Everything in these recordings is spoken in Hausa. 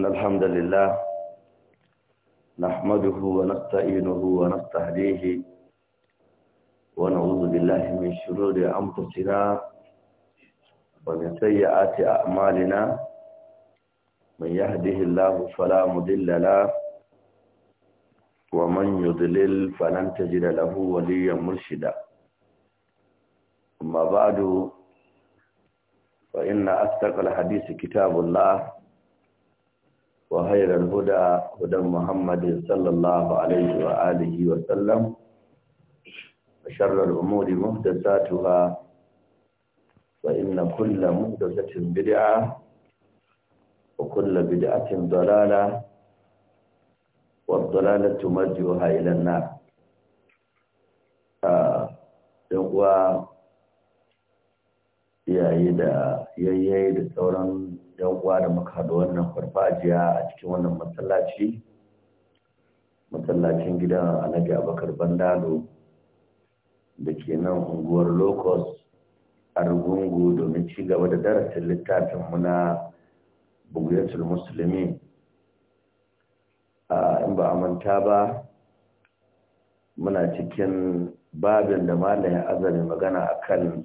إن الحمد لله نحمده ونستعينه ونستهديه ونعوذ بالله من شرور أنفسنا ومن سيئات أعمالنا من يهده الله فلا مضل له ومن يضلل فلن تجد له وليا مرشدا أما بعد فإن أصدق الحديث كتاب الله وخير الهدى هدى محمد صلى الله عليه وآله وسلم وشر الأمور محدثاتها وإن كل محدثة بدعة وكل بدعة ضلالة والضلالة مرجعها إلى النار ɗan uwa iyaye da yayyaye da sauran yan uwa da muka haɗa wannan farfajiya a cikin wannan masallaci masallacin gidan alhaji abakar bandado da ke nan unguwar lokos a rugungu domin ci gaba da darasin littafinmu na bugiyatul musulmi in ba a manta ba muna cikin babin da malayin azali magana a kan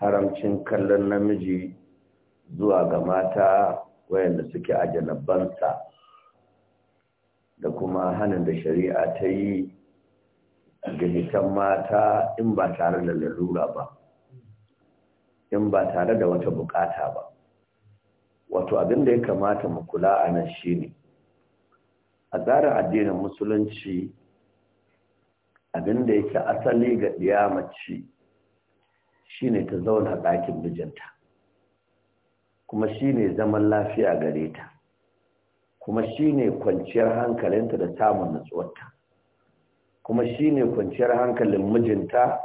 haramcin kallon namiji zuwa ga mata wayanda suke a janabansa da kuma hannun da shari'a ta yi gajitan mata in ba tare da lalura ba in ba tare da wata bukata ba wato abin da ya kamata mu kula a nan shine a tsarin addinin musulunci abin da yake asali ga ɗiyamaci shine ta zauna ɗakin mijinta kuma shine zaman lafiya gare ta kuma shine kwanciyar hankalinta da samun nutsuwarta kuma shine kwanciyar hankalin mijinta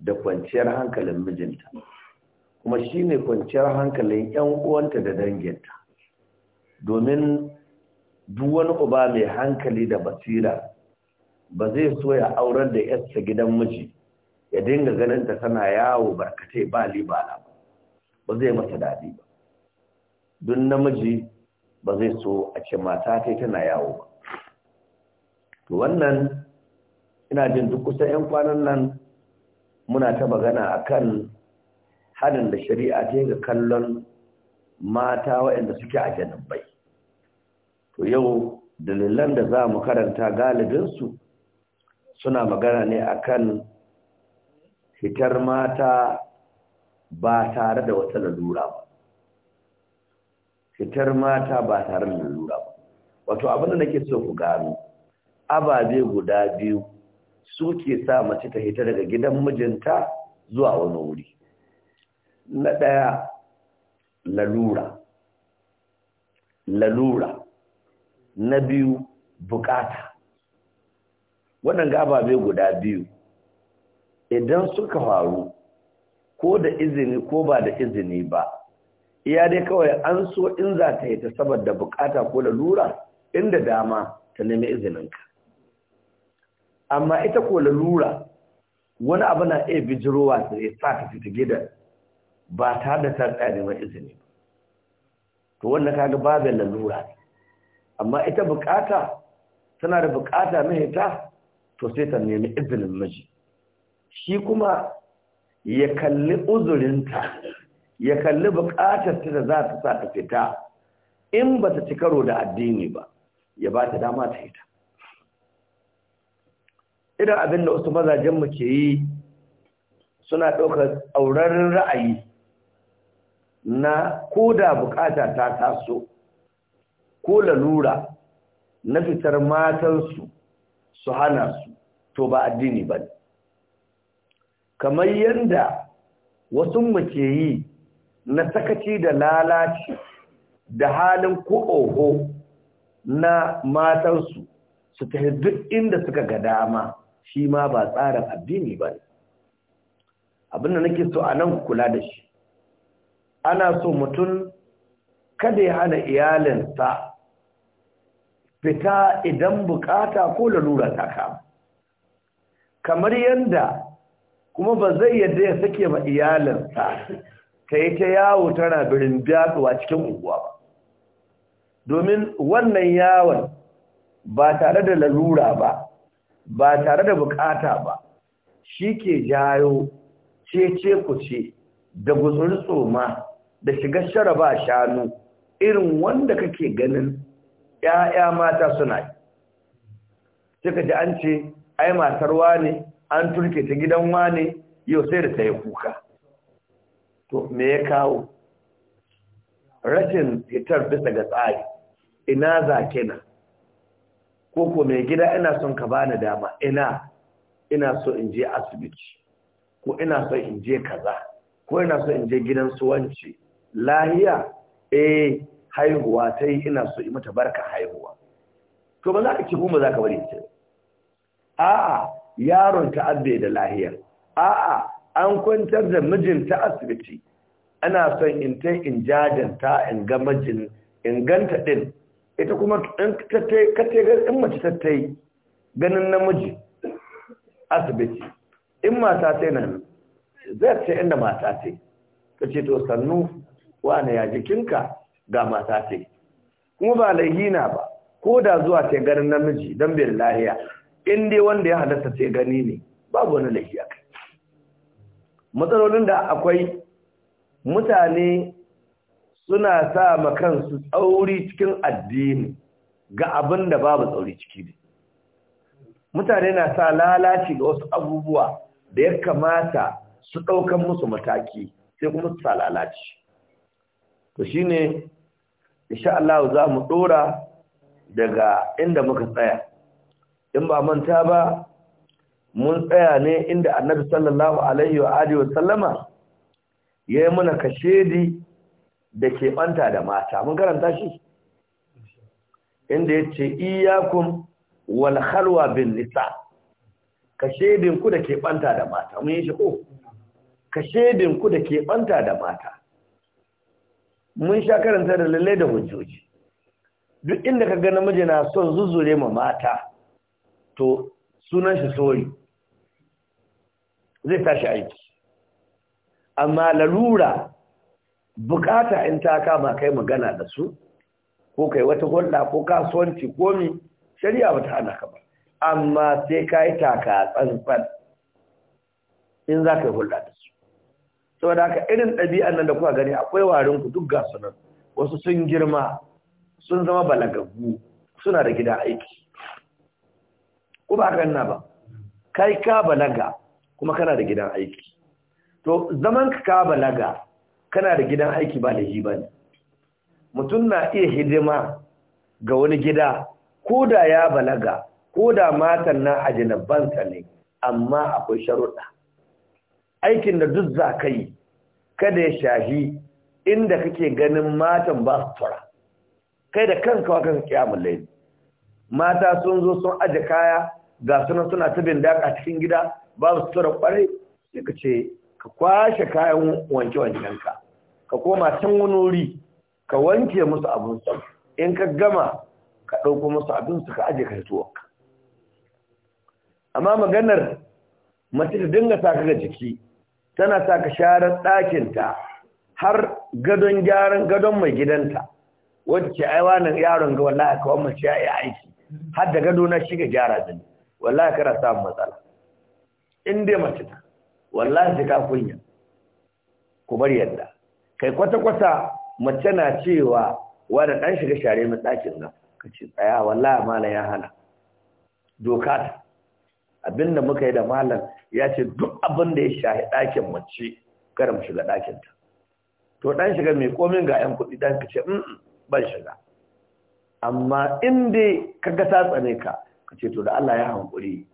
da kwanciyar hankalin mijinta kuma shine kwanciyar hankalin yan uwanta da danginta domin duk uba mai hankali da basira ba zai so ya aurar da yarsa gidan miji ya dinga ganin ta tana yawo barkatai ba libala ba zai masa daɗi ba duk namiji ba zai so a ce mata ta tana yawo ba to wannan ina jin duk kusa 'yan kwanan nan muna ta magana akan hadin da shari'a ta ga kallon mata waɗanda suke a janabai to yau dalilan da za mu karanta galibinsu suna magana ne akan fitar mata ba tare da wata lalura ba fitar mata ba tare da lura ba wato abin da nake so ku gano ababe guda biyu suke sa mace ta hita daga gidan mijinta zuwa wani wuri na ɗaya lalura lalura na biyu bukata waɗanda ababe guda biyu idan suka faru ko da izini ko ba da izini ba iya dai kawai an so in za ta yi ta saboda bukata ko lalura inda dama ta nemi izininka amma ita ko lalura wani abu na iya bijirowa ta ya sa ta fita gidan ba ta da ta tsaya neman izini to wannan kaga babin lalura ne amma ita bukata tana da bukata mahita to sai ta nemi izinin miji shi kuma ya kalli uzurinta ya kalli buƙatar ta da za ta sa ta fita in ba ta ci karo da addini ba ya ba ta dama ta hita idan abin da wasu mazajenmu ke yi suna ɗaukar tsauraran ra'ayi na ko da bukata ta taso ko lalura na fitar matansu su hana su to ba addini ba ne, kamar yadda wasu mu ke yi na sakaci da lalaci da halin ko'oho na matansu su ta duk inda suka ga dama shi ma ba tsarin addini ba ne abinda nake so a nan kula da shi ana so mutum kada ya hana iyalinsa fita idan bukata ko lalura ta kama kamar yadda kuma ba zai yadda ya sake ma iyalinsa ka yi ta yawo tana birin biyatuwa cikin unguwa ba domin wannan yawon ba tare da lalura ba ba tare da bukata ba shi ke jayo cece ce, da guzuri tsoma da shiga sharaba shanu irin wanda kake ganin ‘ya'ya mata suna yi suka ji an ce ai matarwa ne an turke ta gidan wane yau sai da ta yi kuka to me ya kawo rashin fitar bisa ga tsari ina za kina ko ko mai gida ina son ka bani dama ina ina so in je asibiti ko ina so in je kaza ko ina so in je gidan suwanci? lahiya eh haihuwa ta yi ina so in mata barka haihuwa to ba za ka ci kuma za ka bari ce a'a yaron ta abbe da lahiya a'a an kwantar da mijinta asibiti ana son in ta in jajanta in ga mijin in ganta din ita kuma in kate in mace ta yi ganin namiji asibiti in mata ta nan zai ce inda mata ta ta ce to sannu wa ya jikinka ga mata ta kuma ba laihina ba ko da zuwa ta ganin namiji don bin lahiya in dai wanda ya halatta ta gani ne babu wani laihiya kai matsalolin da akwai mutane suna sa ma kansu tsauri cikin addini ga abin da babu tsauri ciki ne mutane na sa lalaci ga wasu abubuwa da ya kamata su ɗaukan musu mataki sai kuma su sa lalaci to shi ne Allah za mu ɗora daga inda muka tsaya in ba manta ba mun tsaya ne inda annabi sallallahu alaihi wa alihi wa sallama yayi muna kashedi da ke banta da mata mun karanta shi inda yace iyyakum wal khalwa bin nisa kashedin ku da ke banta da mata mun yi shi ko kashedin ku da ke banta da mata mun sha karanta da lalle da hujjoji duk inda ka ga namiji na son zuzure ma mata to sunan shi sori zai tashi aiki amma lalura bukata in ta kama kai magana da su ko kai wata hulɗa ko kasuwanci ko mi shari'a ba ta hana ka ba amma sai ka yi taka tsantsan in za ka yi hulɗa da su saboda haka irin ɗabi'an nan da kuka gani akwai warin ku duk gasu nan wasu sun girma sun zama balagaggu suna da gida aiki Ku ba ka ba kai ka balaga kuma kana da gidan aiki to zaman ka ka balaga kana da gidan aiki ba da ba ne mutum na iya hidima ga wani gida ko da ya balaga ko da matan na ajinabansa ne amma akwai sharuɗa aikin da duk za ka yi kada ya shahi inda kake ganin matan ba su tura kai da kanka wa kanka kiyamun laifin. mata sun zo sun aje kaya ga sunan suna ta bin daka cikin gida babu sutura kwarai sai ka ce ka kwashe kayan wanke-wankenka ka koma can wani wuri ka wanke musu su in ka gama ka ɗauko musu abin su, ka aje ka ka. amma maganar mace ta dinga sa ka ga jiki tana sa ka ɗakin ta har gadon gyaran gadon mai gidanta wanda ke ai wannan yaron ga wallahi kawai mace ya yi aiki har da gado na shiga gyara din wallahi kana samun matsala in dai mace ta wallahi sai ka kunya ku bar yadda kai kwata-kwata mace na cewa Wani dan shiga share mai ɗakin nan ka ce tsaya wallahi mallan ya hana doka ta abinda muka yi da malam ya ce duk abin da ya shahi ɗakin mace kar mu shiga dakin ta to ɗan shiga mai komai ga 'yan kuɗi dan ka ce mm, mm, ban shiga amma in dai ka ga ta tsane ka kace to da Allah ya hankuri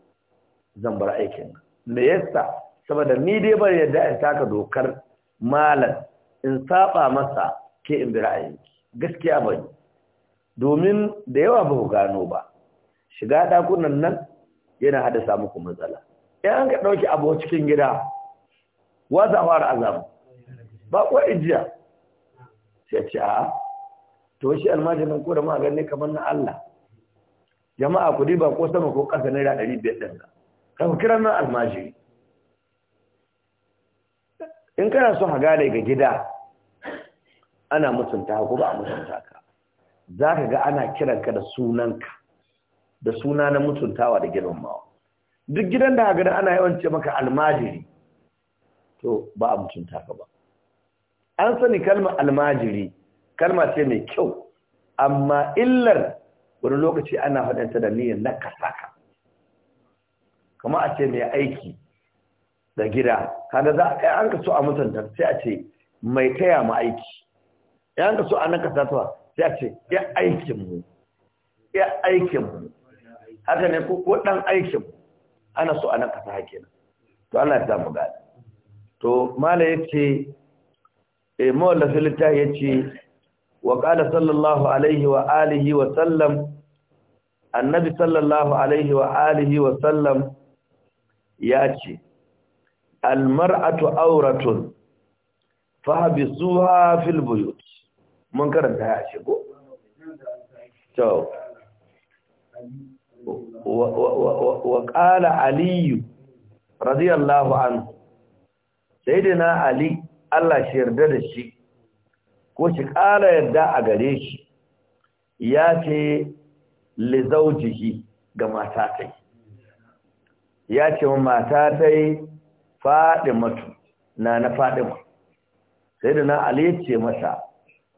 zan bar aikin nan me yasa saboda ni dai bar yadda in taka dokar malam in saba masa ke in bi ki? gaskiya ni domin da yawa ba ku gano ba shiga ɗakunan nan yana haddasa muku matsala in an ka ɗauki abu cikin gida wa za fara azabu ba ko ijiya sai ce a to shi almajirin ko da ma ganin kamar na Allah jama'a ku ba ko sama ko ƙasa naira ɗari biyar ɗin ka. da nan almajiri in kana so haga ga gida ana mutunta ko a mutunta ka za ka ga ana kiranka da sunanka da suna na mutuntawa da girmamawa duk gidan da haga ana yawan maka almajiri to ba a mutunta ka ba an sani kalma almajiri kalma ce mai kyau amma illar wani lokaci ana faɗanta da niyyar na kasaka kama a ce mai aiki da gida kada za a an ka so a mutunta sai a ce mai taya mu aiki yan ka so a nan kasatuwa sai a ce ya aikin mu ya aikin mu haka ne ko ko dan aikin mu ana so a nan kasa hake nan to Allah ya samu gani to mala yace e eh, mawalla filita yace wa qala sallallahu alaihi wa alihi wa sallam annabi sallallahu alaihi wa alihi wa sallam ya ce almar'atu auratun fahabisuha fil buyut mun karanta ya ce ko to wa qala ali radiyallahu anhu sayyidina ali Allah shi yarda da shi ko shi ƙara yarda a gare shi ya ce lizaujihi ga matatai ya ce wa mata ta yi matu, na na fadima sai da na ali ce masa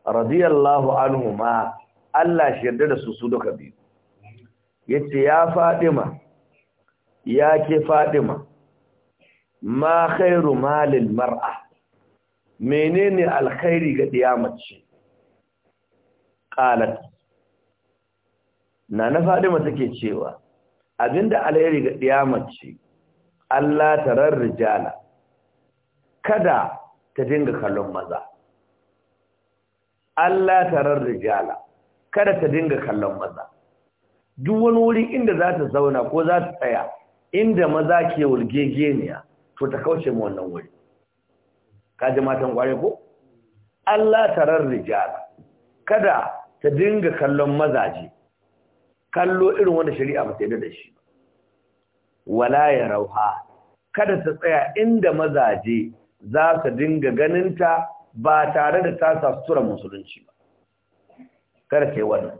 radiyallahu anhu ma Allah shi yarda da su su duka biyu ce ya faɗi ma, ya ke faɗi ma Ma khairu malil mar'a menene alkhairi ga diyamace Ƙalata. na na faɗi fadima take cewa abinda alheri ga diyamaci Allah tarar rijala kada ta dinga kallon maza Allah tarar rijala kada ta dinga kallon maza duk wani wuri inda za ta zauna ko za ta tsaya inda maza ke wulgegeniya to ta kauce mu wannan wuri kaji matan kware ko Allah tarar rijala kada ta dinga kallon mazaje kallo irin wanda shari'a ba ta yarda da shi wala ya rauha kada ta tsaya inda mazaje za su dinga ganinta ba tare da ta sastura musulunci ba kada ta yi wannan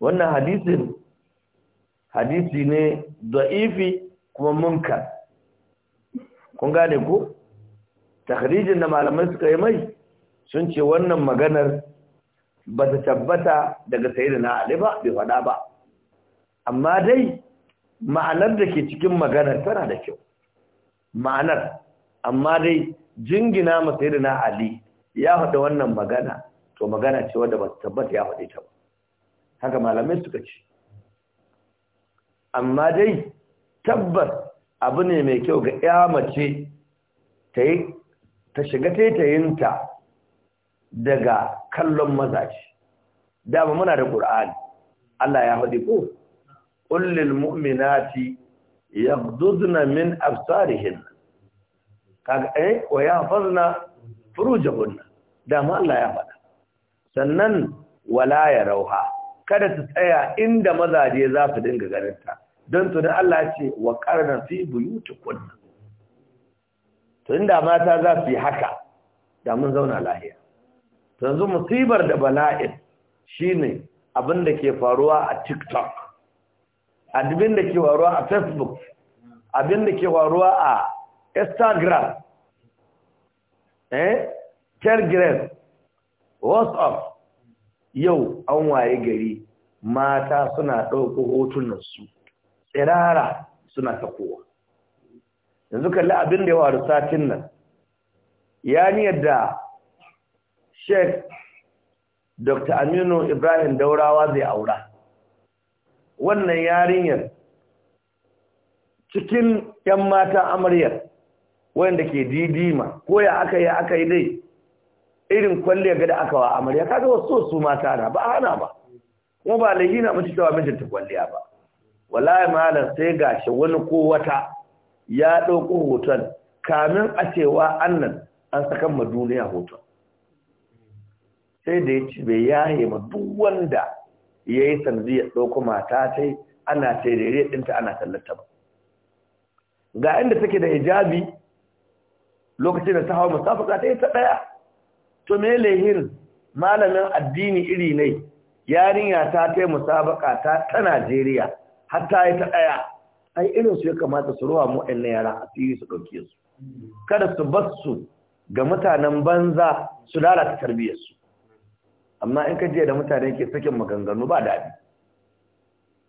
wannan hadisin hadisi ne da'ifi kuma munkar kun gane ku? takhrijin da malamai suka yi mai sun ce wannan maganar ba ta tabbata daga na Ali ba bai faɗa ba amma dai ma'anar da ke cikin maganar tana da kyau ma'anar amma dai jingina ma na Ali ya faɗa wannan magana to magana ce wadda ba ta tabbata ya faɗe ta ba haka malamai suka ce amma dai tabbas abu ne mai kyau ga ya mace ta shiga taitayinta daga kallon mazaje dama muna da qur'ani Allah ya faɗi ko kullil mu'minati yaghdudna min Ka kaga eh wa yahfazna Da dama Allah ya faɗa sannan wala ya rauha kada ta tsaya inda mazaje za su dinga ganinta don tunan Allah ce wa karna fi buyutukun tun da mata za su yi haka da mun zauna lahiya yanzu musibar da bala'in shine abin da ke faruwa a TikTok abin da ke faruwa a Facebook abin da ke faruwa a Instagram eh Telegram WhatsApp yau an waye gari mata suna ɗauko hotunan su tsirara suna kowa yanzu kalli abin da ya faru satin nan ya ni yadda sheikh dr aminu ibrahim daurawa zai aura wannan yarinyar cikin 'yan mata amaryar wanda ke didima ko ya aka yi aka yi dai irin kwalliya gada aka wa amarya kaga wasu su mata na ba hana ba kuma ba na mace cewa mijinta kwalliya ba wallahi malam sai gashi wani ko wata ya ɗauko hoton kamin a cewa annan an sakan ma duniya hoton sai da ya ci bai yaye ma duk wanda ya yi sanzi ya ɗauko mata ta ana tairere ɗinta ana tallata ba ga inda take da hijabi lokacin da ta hawa musafaka ta yi ta ɗaya to me lehin malamin addini iri ne yarinya ta ta yi musabaka ta ta najeriya har ta yi ta ɗaya ai irin su ya kamata su ruwa mu ɗan yara a fili su ɗauke su kada su bar su ga mutanen banza su lalata tarbiyyarsu amma in ka je da mutane ke sakin maganganu ba daɗi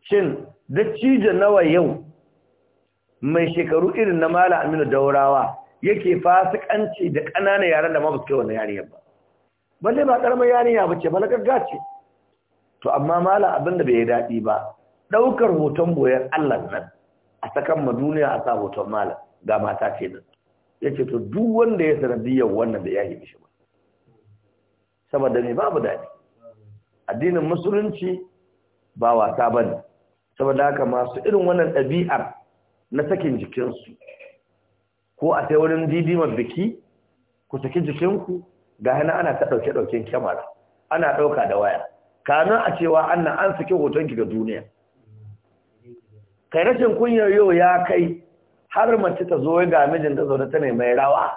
shin da dattijo nawa yau mai shekaru irin na mala aminu daurawa yake fasikanci da ƙananan yaren da mabuske wani su kai wannan yariyar ba balle ba karamar yarinya ba ce ce to amma mala abin da bai daɗi ba ɗaukar hoton boyar allah nan a sakan ma duniya a sa hoton mala ga mata ce nan yake to duk wanda ya sanadiyar wannan da ya yi mishi saboda me babu daɗi addinin musulunci ba wasa ba ne saboda haka masu irin wannan ɗabi'ar na sakin jikinsu ko a sai wurin didimar biki ku saki jikinku ga hana ana ta ɗauke-ɗauken kyamara ana ɗauka da waya Kanu a cewa annan an saki hotonki ga duniya kai rashin kunyar yau ya kai har mace ta zo ga mijin ta zaune ta mai mai rawa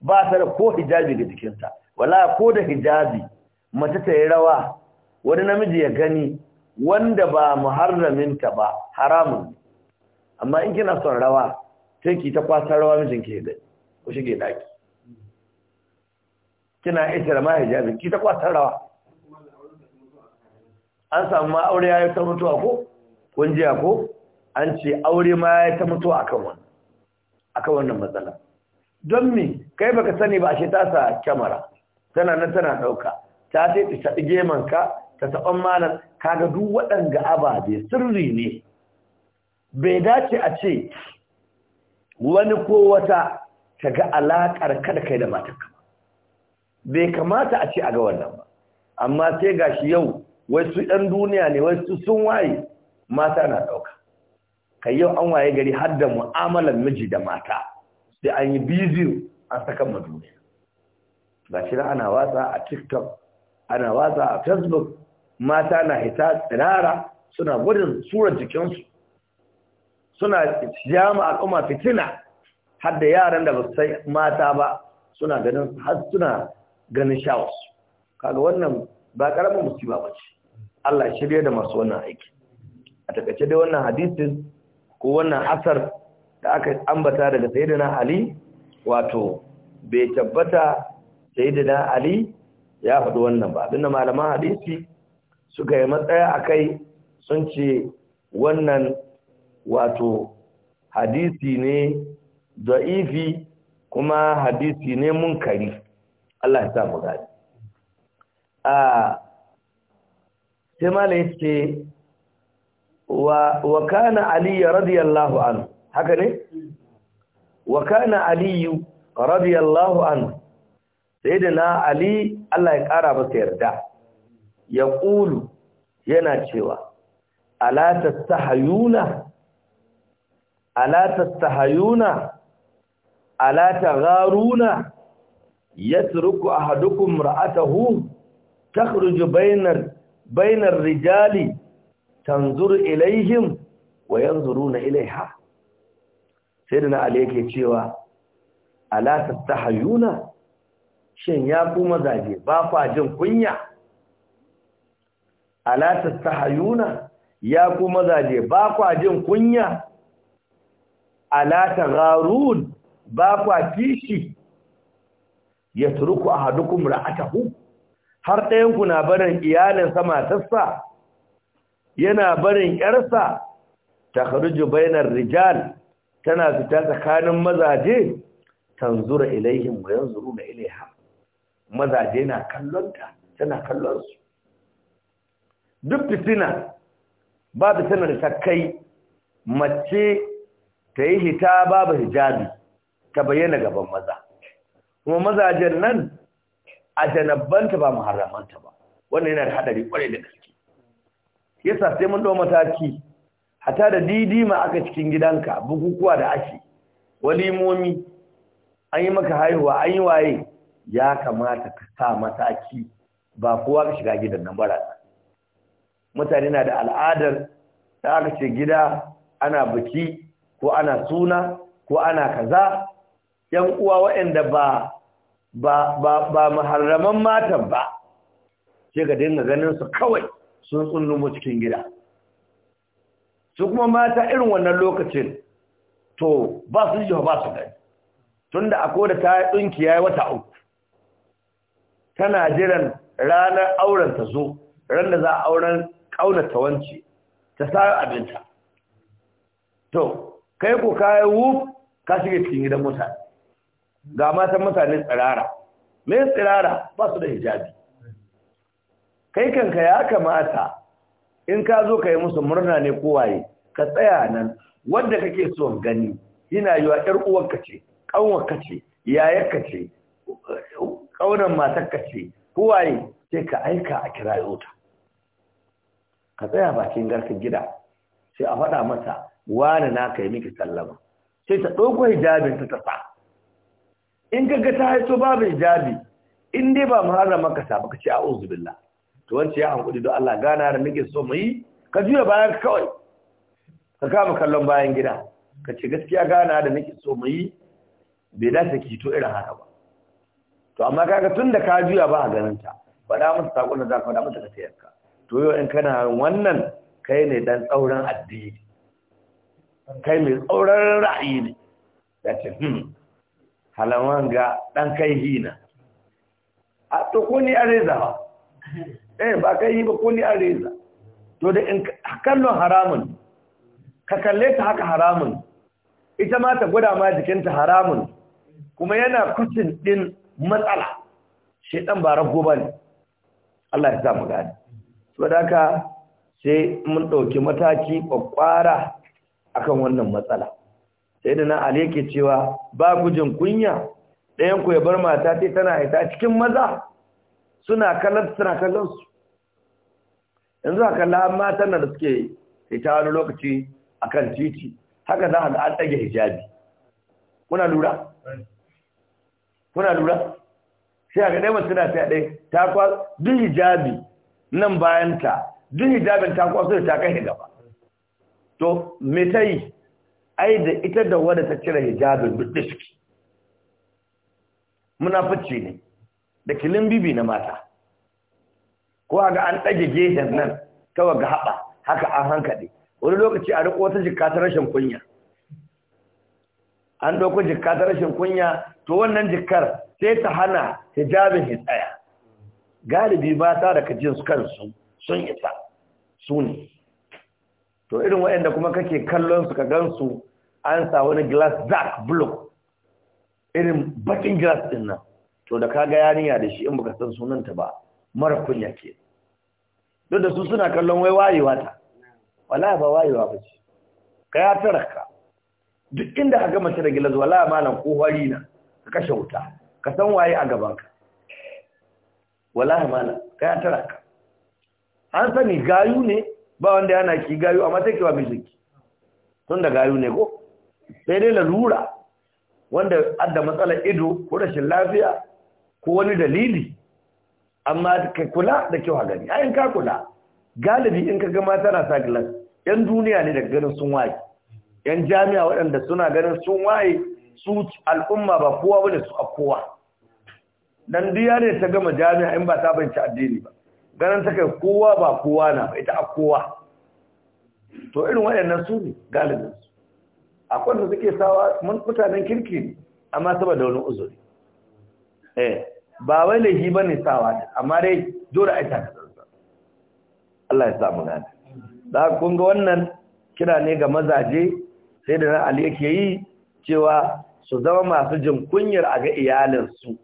ba ta da ko hijabi ga jikinta wala ko da hijabi mace ta yi rawa wani namiji ya gani wanda ba muharraminta ba haramun amma in kina son rawa sai ki ta kwasa rawa mijin ke da ku shige daki kina isra ma hijabi, ki ta kwasa rawa an samu ma aure yayi ta mutuwa ko kun jiya ko an ce aure ma yayi ta mutuwa akan wannan akan wannan matsala don me kai baka sani ba shi ta sa kyamara tana nan tana ɗauka ta ce ta taɓi gemanka ta taɓan Ka kaga duk waɗanga ababe sirri ne bai dace a ce wani ko wata ta ga alaƙar kada kai da matarka bai kamata a ce a ga wannan ba amma sai gashi yau Wai su ɗan duniya ne Wai su sun waye mata na ɗauka kai yau an waye gari har da mu'amalar miji da mata sai an yi bizu an saka ma duniya ga shi ana watsa a tiktok ana watsa a facebook mata na hita tsirara suna gudun tura jikinsu suna jama al'umma fitina har da yaran da ba sai mata ba suna ganin har suna ganin shawarsu kaga wannan ba karamin musiba ba ce Allah ya shirye da masu wannan aiki a takaice dai wannan hadisin ko wannan asar da aka ambata daga sayyidina Ali wato bai tabbata sayyidina ali ya faɗi wannan ba abinda malaman hadisi suka yi matsaya a kai sun ce wannan wato hadisi ne da'ifi kuma hadisi ne munkari Allah ya samu gani a sai malai ce wa kana aliyu radiyallahu anhu haka ne wa kana aliyu radiyallahu anhu sayyidina ali Allah ya kara masa yarda ya ƙulu yana cewa ala tastahayuna ala tastahayuna ala tagharuna a ahadukum ra'atahu takhruju bainar bainar rijali tanzur ilaihim wa yanzuruna ilaiha na ali yake cewa ala hayuna. shin ya ku mazaje ba fa jin kunya ala tastahayuna ya ku mazaje ba kwa jin kunya ala tagharun ba kwa kishi yatruku ahadukum ra'atahu har ɗayan ku na barin iyalinsa matarsa yana barin yarsa ta kharuju bainar rijal tana fita tsakanin mazaje tanzura ilaihim wa yanzuruna ilaiha mazaje na kallonta tana kallon su duk fitina ba sanar ta kai mace ta yi hita babu hijabi ta bayyana gaban maza kuma mazajen nan a janabbanta ba muharramanta ba wannan yana da hadari kwarai da gaske yasa sai mun dau mataki hata da didima aka cikin gidanka bukukuwa da ake walimomi an yi maka haihuwa an yi waye ya kamata ka sa mataki ba kowa ka shiga gidan nan bara mutane na da al'adar da aka ce gida ana biki ko ana suna ko ana kaza yan uwa waɗanda ba ba ba ba muharraman matan ba sai ka dinga ganin su kawai sun mu cikin gida su kuma mata irin wannan lokacin to ba su ji ba su gani tunda akwai da ta dinki yayi wata uku tana jiran ranar auren ta zo ran da za a auren ƙaunata wance ta sa abinta to kai ko kayan wuf ka shiga cikin gidan mutane ga matan mutane tsirara me tsirara ba su da hijabi kai kanka ya kamata in ka zo ka yi musu murna ne kowaye ka tsaya nan wanda kake son gani yana yiwa 'yar uwanka ce ƙanwarka ce yayarka ce ƙaunar matakka ce kowaye sai ka aika a kira yauta. ka tsaya bakin garkin gida sai a faɗa masa wani na ka yi miki sallama sai ta ɗauko hijabin ta tafa in gaggata ta haito babu hijabi in dai ba muharrama maka sa ka ce a uzubillah to wance ya hankuli don Allah gana da nake so mu yi ka juya bayan kawai ka kama kallon bayan gida ka ce gaskiya gana da nake so mu yi bai dace ki to irin haka ba to amma kaga tun da ka juya ba a ganin ta faɗa musu sakon da za ka faɗa musu ka sayar ka to yau in kana wannan kai ne dan tsauran addini kai mai tsauran ra'ayi ne ya ce hmm halaman ga dan kai hina a to ko ni areza ba eh ba kai yi ba ko ni areza to da in kallon haramun ka kalle ta haka haramun ita ma ta gwada ma jikinta haramun kuma yana kusin din matsala shaidan ba rago ba ne Allah ya samu gani saboda haka sai mun ɗauki mataki kwakwara akan wannan matsala sai da na ali yake cewa ba gujin kunya ɗayan ku ya bar mata ce tana ita cikin maza suna kallon suna kallon su yanzu a kalla matan da suke ita wani lokaci akan titi haka za a ga hijabi muna lura kuna lura sai a ga ɗaya masu suna sai ɗaya ta kwa duk hijabi nan bayan ta duk hijabin ta kwaso da ta kai gaba to me ta yi ai da ita da wadda ta cire hijabin duk da suke munafici ne da kilin bibi na mata ko ga an ɗage gehen nan ta ga haɓa haka an hankali. wani lokaci a riƙo wata jikka ta rashin kunya an ɗauko jikka ta rashin kunya to wannan jikar sai ta hana hijabin ya tsaya galibi mata daga jins kansu sun isa su ne to irin waɗanda kuma kake kallon su ka gansu an sa wani glass dark blue irin bakin glass din nan to da kaga yarinya da shi in baka san sunanta ba mara kunya ke duk da su suna kallon wai wayewa ta wala ba wayewa ba ce ka ya taraka duk inda ka gama ta da gilas wala malam ko hori na ka kashe wuta ka san waye a gabanka wallahi mala kai tara ka an sani gayu ne ba wanda yana ki gayu amma take wa miziki tun da gayu ne ko sai dai lalura wanda adda matsala ido ko rashin lafiya ko wani dalili amma ka kula da kyau a gani in ka kula galibi in ka ga mata na sa gilas yan duniya ne daga ganin sun waye yan jami'a waɗanda suna ganin sun waye su al'umma ba kowa ne su a kowa dan diya ne ta gama jami'a in ba ta banci addini ba ganin ta kai kowa ba kowa na ba ita a kowa to irin waɗannan su ne galibin su akwai da suke sawa mun mutanen kirki ne amma saboda wani uzuri eh ba wai laifi bane sawa ne amma dai dole a ita Allah ya sa mu gane da kun ga wannan kira ne ga mazaje sai da na Ali yake yi cewa su zama masu jin kunyar a ga iyalinsu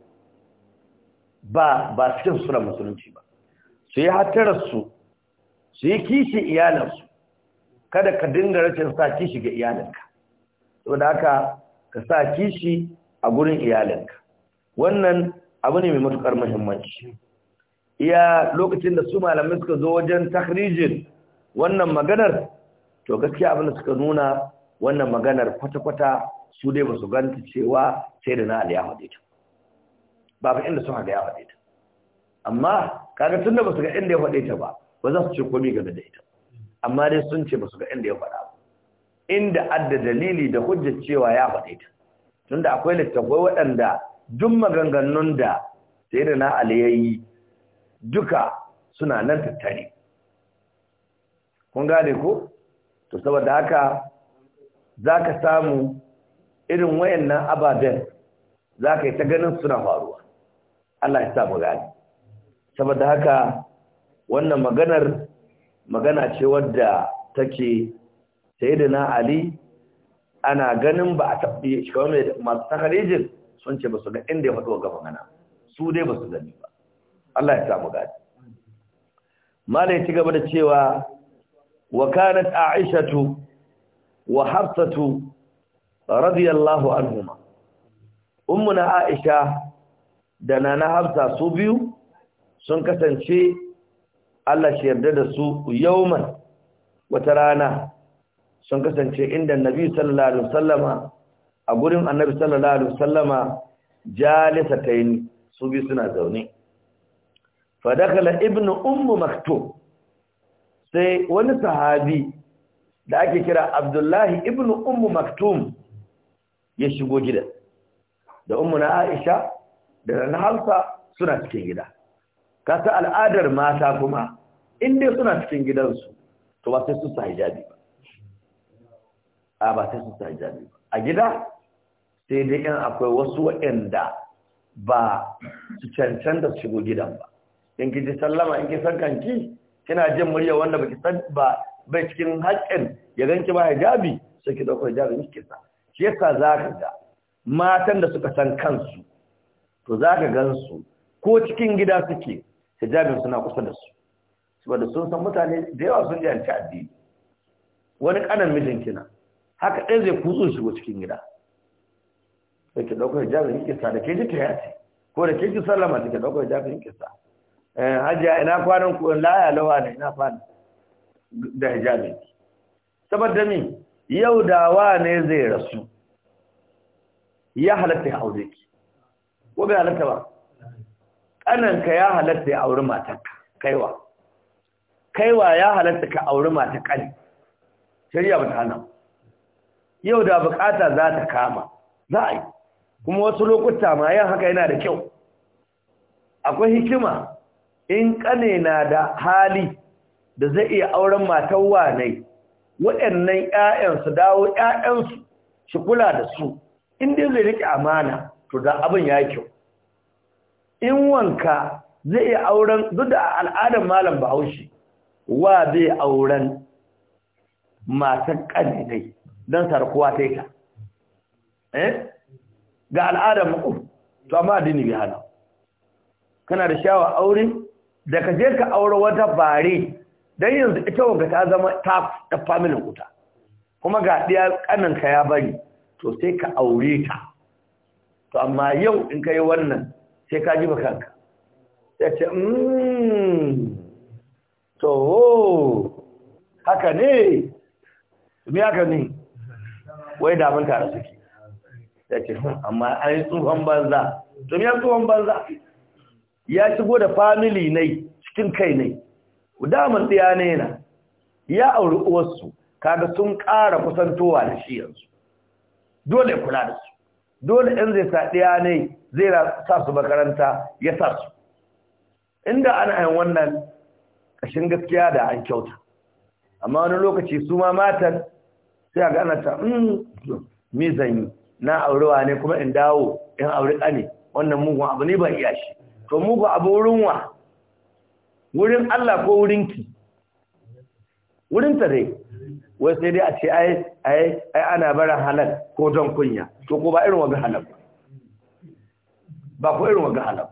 ba ba cikin suna musulunci ba su yi hatararsu su yi kishi iyalinsu kada ka dinga rashin sa kishi ga iyalinka saboda haka ka sa kishi a gurin iyalinka wannan abu ne mai matukar muhimmanci iya lokacin da su malamai suka zo wajen takrijin wannan maganar to gaskiya abin da suka nuna wannan maganar kwata-kwata su dai ba su ganta cewa sai da na Ali ya faɗe ta ba inda suka ga ya faɗe ta amma kaga tunda ba su ga inda ya faɗe ta ba ba za su ce komai game da ita amma dai sun ce ba su ga inda ya faɗa ba inda adda dalili da hujjar cewa ya faɗe ta tunda akwai littattafai waɗanda duk maganganun da sai da na Ali ya yi duka suna nan tattare kun gane ko to saboda haka za ka samu irin wayannan ababen za ka yi ta ganin suna faruwa Allah ya samu gani saboda haka wannan maganar magana ce wadda take sai da na ali ana ganin ba a taɓi da masu takarijin sun ce ba su ga inda ya faɗo ga magana su dai ba su gani ba Allah ya samu gani ya ci gaba da cewa wa kanat aishatu wa hafsatu radiyallahu anhuma ummuna aisha da nana hafsa su biyu sun kasance Allah shi yarda da su yauman wata rana sun kasance inda Nabi sallallahu alaihi wasallama a gurin Annabi sallallahu alaihi wasallama jalisatayn su biyu suna zaune fa dakala ibnu ummu maktub sai wani sahabi da ake kira abdullahi ibn ummu maktum ya shigo gidan da ummu na aisha da na hafsa suna cikin gida kasa al'adar mata kuma inda suna cikin gidansu to ba sai su sa hijabi ba a ba sai su sa hijabi ba a gida sai dai yan akwai wasu waɗanda ba su cancan da shigo gidan ba in ki ji sallama in ki san kanki kina jin murya wanda baki san ba bai cikin haƙƙin ya ganki ba hijabi sai ki dauko hijabin miki sa shi yasa zaka ga matan da suka san kansu to zaka gansu ko cikin gida suke hijabin suna kusa da su saboda sun san mutane da yawa sun janci addini wani kanan mijin kina haka ɗaya zai kutsu shigo cikin gida sai ki dauko hijabin miki sa da ke ji ta yace ko da ke ji sallama ki dauko hijabin miki sa eh hajiya ina kwanan ku laya lawa ne ina fadi da hijabi saboda min yau dawa ne zai rasu ya halatta ya aure ki ko bai halatta ba Kananka ya halatta ya auri matanka kaiwa kaiwa ya halatta ka auri mata ƙani shari'a ba ta hana yau da bukata za ta kama za a yi kuma wasu lokuta ma yin haka yana da kyau akwai hikima in ƙane na da hali da zai iya auren matan wanai waɗannan ƴaƴan su dawo ƴaƴan su su kula da su in dai zai riƙe amana to da abin ya kyau in wanka zai iya auren duk da al'adar malam Bahaushe wa zai auren matan dai, don sarkuwa ta yi ta eh? ga al'adar maku to amma dini bai hana kana da shawar aure da ka je ka aure wata bare Dan yanzu ita wanga ta zama ta da familin kuta kuma ga ɗaya ƙaninka ya bari to sai ka aure ta to amma yau in ka yi wannan sai ka ji kanka ya ce mm, to haka ne me haka ne wai mun tare suke ya ce hmm, amma ai yi tsohon banza to me ya tsohon banza ya shigo da family ne cikin kai ne damar ɗiya ne na ya auri uwarsu kaga sun ƙara kusantowa da shi yanzu dole kula da su dole in zai sa ɗaya ne zai sa su makaranta ya sa su inda ana yin wannan ƙashin gaskiya da an kyauta amma wani lokaci su ma matan sai a gana ta mm, me zanyi. na aurewa ne kuma in dawo in auri ƙane wannan mugun abu ne ban iya shi to mugun abu wurin wa wurin Allah ko wurinki wurinta dai wai sai dai a ce ai ai ai ana barin halal ko don kunya to ko ba irin waga halal ba ko irin waga halal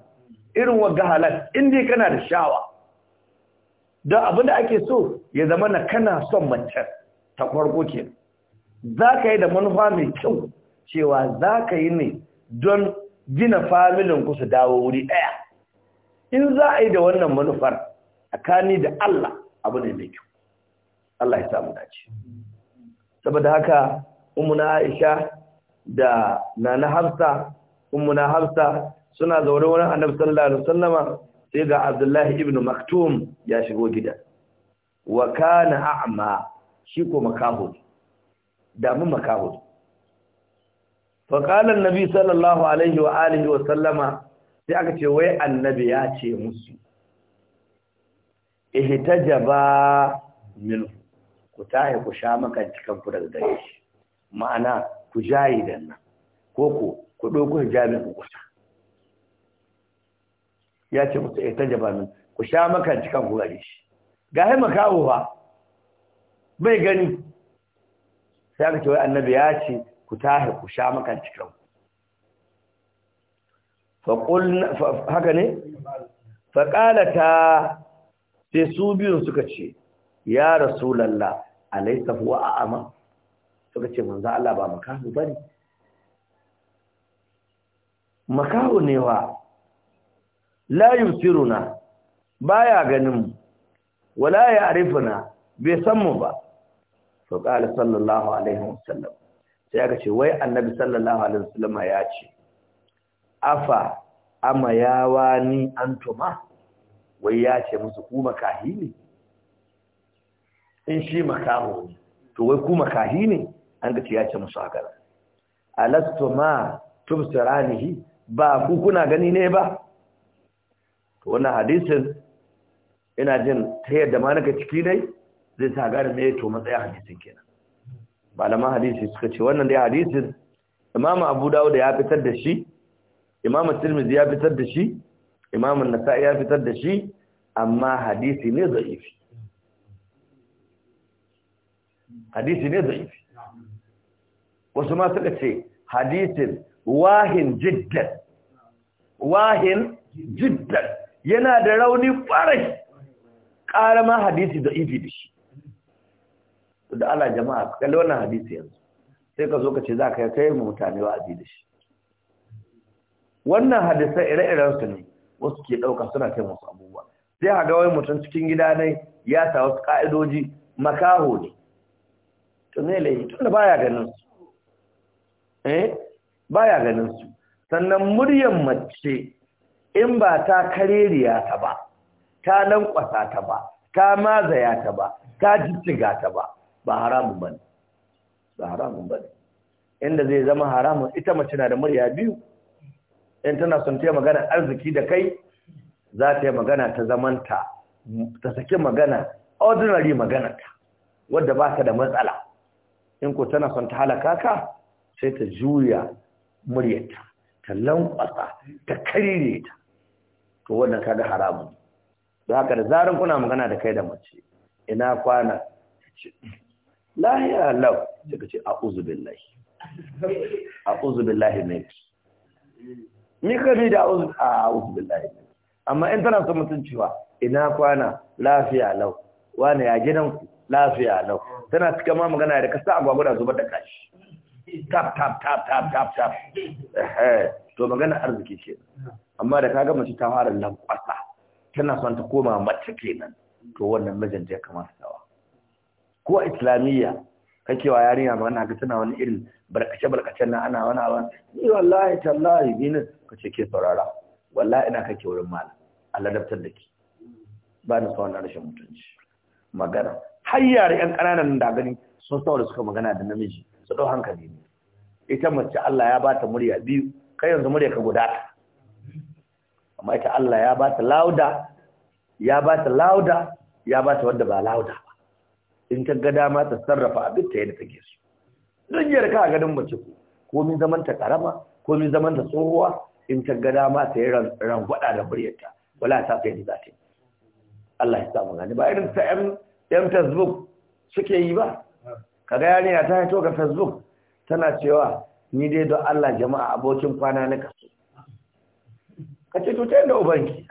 irin waga halal in dai kana da shawa Do abin da ake so ya zama na kana son mace ta farko ke za ka yi da manufa mai kyau cewa za ka yi ne don gina familin ku su dawo wuri ɗaya in za a yi da wannan manufar tsakani da Allah abu ne mai kyau Allah ya samu dace saboda haka na Aisha da nana Hafsa na Hafsa suna zaure wurin Annabi sallallahu alaihi wasallama sai ga Abdullahi ibn Maktum ya shigo gida wa kana a'ma shi ko makaho da mu makaho fa qala an-nabi sallallahu alaihi wa alihi wa sallama sai aka ce wai annabi ya ce musu ihtajaba min ku tahi ku sha makan cikan ku daga gare shi ma'ana ku jayi dan nan ko ku ku dogo hijabin ku kusa ya ce musu ihtajaba min ku sha makan cikan ku gare shi ga hai makawo ba bai gani sai ka ce wai annabi ya ce ku tahi ku sha makan cikan ku fa haka ne fa qalata sai su biyun suka ce ya rasulallah alaisa huwa a'ama suka ce manzo Allah ba makahu bane makahu ne wa la yusiruna baya ganin mu wala ya'rifuna bai san mu ba to qala sallallahu alaihi wasallam sai aka ce wai annabi sallallahu alaihi wasallama ya ce afa amayawa ni antuma wai ya ce musu ku makahi ne in shi makaho ne to wai ku makahi ne an ga ce ya ce musu haka alastu ma tubsiranihi ba ku kuna gani ne ba to wannan hadisin ina jin ta yadda ma naka ciki dai zai sa gane me to matsayin hadisin kenan malaman hadisi suka ce wannan dai hadisin imam abu dawud ya fitar da shi imam tirmidhi ya fitar da shi imam an-nasa'i ya fitar da shi amma hadisi ne za'ifi hadisi ne za'ifi wasu ma suka ce hadisin wahin jiddan wahin jiddan yana da rauni kwarai ma hadisi da ifi da shi da ala jama'a kalli wannan hadisi yanzu sai ka zo ka ce za ka kai mu mutane wa'azi da shi wannan hadisai ire-irensu ne wasu ke ɗauka suna kai musu abubuwa sai a ga mutum cikin gida ne ya sa wasu ka'idoji makaho ne to ne laifi tunda baya ganin su eh baya ganin su sannan muryan mace in ba ta kareriya ta ba ta lankwasa ta ba ta mazaya ta ba ta jijjiga ta ba ba haramun ne. ba haramun ne. inda zai zama haramun ita mace na da murya biyu in tana son ta magana arziki da kai za ta yi magana ta zamanta ta saki magana ordinary magana ta wadda ba ta da matsala in ko tana son ta halaka ka sai ta juya muryarta ta lankwasa ta karire ta to wannan kaga haramun don haka da zarin kuna magana da kai da mace ina kwana lahiya lau daga ce a uzubillahi a uzubillahi ne ni ka bi da a uzubillahi ne amma in tana so mutum cewa, ina kwana lafiya lau wani ya gidanku lafiya lau tana cika ma magana da kasa agwagwada zuba da kashi tap tap tap tap tap tap to magana arziki ce amma da kaga mace ta fara nan tana son ta koma mace kenan to wannan mijinta ya kamata tawa ko islamiyya kakewa wa yarinya magana ga tana wani irin barkace barkacen nan ana wani abin ni wallahi tallahi ni ce ke saurara Walla ina kake wurin malam Allah dabtar da ki ba ni tsawon rashin mutunci magana har yare yan kananan da gani sun da suka magana da namiji su dau hankali ne ita mace Allah ya bata murya biyu kai yanzu murya ka guda ta amma ita Allah ya bata lauda ya bata lauda ya bata wanda ba lauda ba in ta ga dama ta sarrafa abin ta yadda take so zan yi ka a ganin mace ko mun zaman ta karama mun zaman ta tsohuwa in ta ga dama ta yi rangwada da muryarta wala ta sai da za Allah ya samu gani ba irin ta yan facebook suke yi ba ka ga yarinya ta haito ga facebook tana cewa ni dai don Allah jama'a abokin kwana na kaso ka ce to ta yi ubanki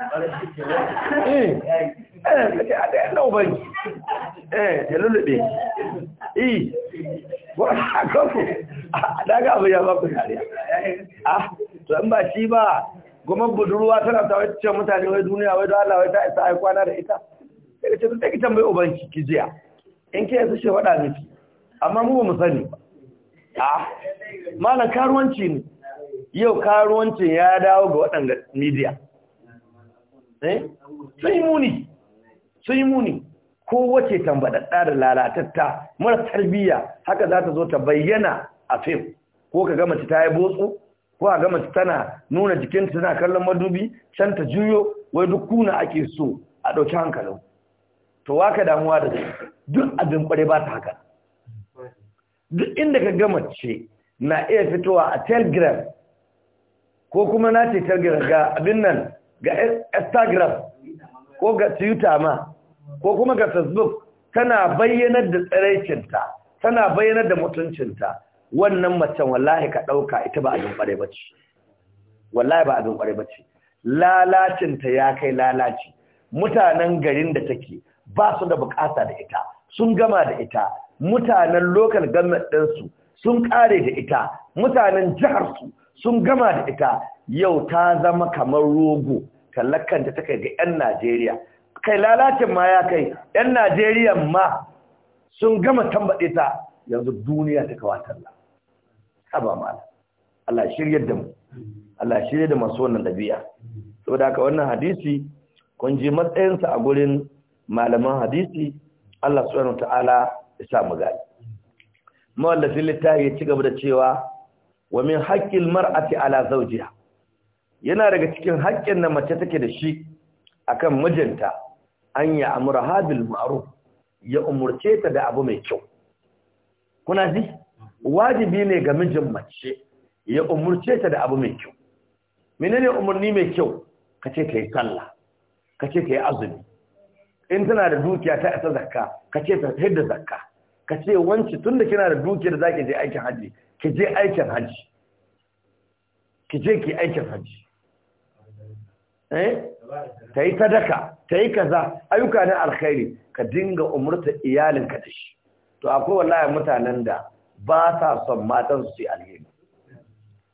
eh, eh ka ce a ta yadda ubanki eh ya lullube yi eh, ko a kanku daga abu ya ba ku shari'a ah, to in ba shi ba goma budurwa tana ta wacce mutane wai duniya wai Allah wai ta isa ai kwana da ita sai ce take tambayi ubanki ki ki jiya in ke yasa shi faɗa miki amma mu ba mu sani ba a malam karuwanci ne yau karuwanci ya dawo ga waɗanda media eh sai yi muni sai yi muni wace tambadadda da lalatatta mara tarbiyya haka za ta zo ta bayyana a fim ko ka ga mace ta yi botsu ko a gama tana nuna jikinta tana kallon madubi can ta juyo wai duk kuna ake so a ɗauki hankalin to waka damuwa da duk abin ƙware ba ta haka duk inda ka gama ce na iya fitowa a telegram ko kuma na ce telegram ga abin nan ga instagram ko ga twitter ma ko kuma ga facebook tana bayyanar da tsaraicinta tana bayyanar da mutuncinta wannan macen wallahi ka ɗauka ita ba abin ƙwarai ba ce wallahi ba abin ƙwarai ba ce lalacinta ya kai lalaci mutanen garin da take ba su da bukata da ita sun gama da ita mutanen lokal government ɗinsu sun ƙare da ita mutanen jiharsu sun gama da ita yau ta zama kamar rogo kallakanta ta kai ga 'yan najeriya kai lalacin ma ya kai 'yan najeriya ma sun gama tambaɗe ta yanzu duniya ta kawatar la haba mala Allah shirye da mu Allah shirye da masu wannan dabi'a saboda haka wannan hadisi kun ji matsayinsa a gurin malaman hadisi Allah subhanahu ta'ala ya sa mu gani mawallafin littafi ya ci gaba da cewa wa min haqqil mar'ati ala zawjiha yana daga cikin haƙƙin da mace take da shi akan mijinta an ya amurha bil ma'ruf ya umurce ta da abu mai kyau kuna ji wajibi ne ga mijin mace ya umurce ta da abu mai kyau menene umarni mai kyau kace ce sallah kace ce azumi in tana da dukiya ta isa zakka kace ce ta hidda zakka ka ce tunda kina da dukiyar za ki je aikin hajji ki je aikin hajji ki je ki aikin hajji eh ta yi sadaka ta yi kaza ayyuka na alkhairi ka dinga umurta iyalinka da shi to akwai wallahi mutanen da ba sa son matan su yi alheri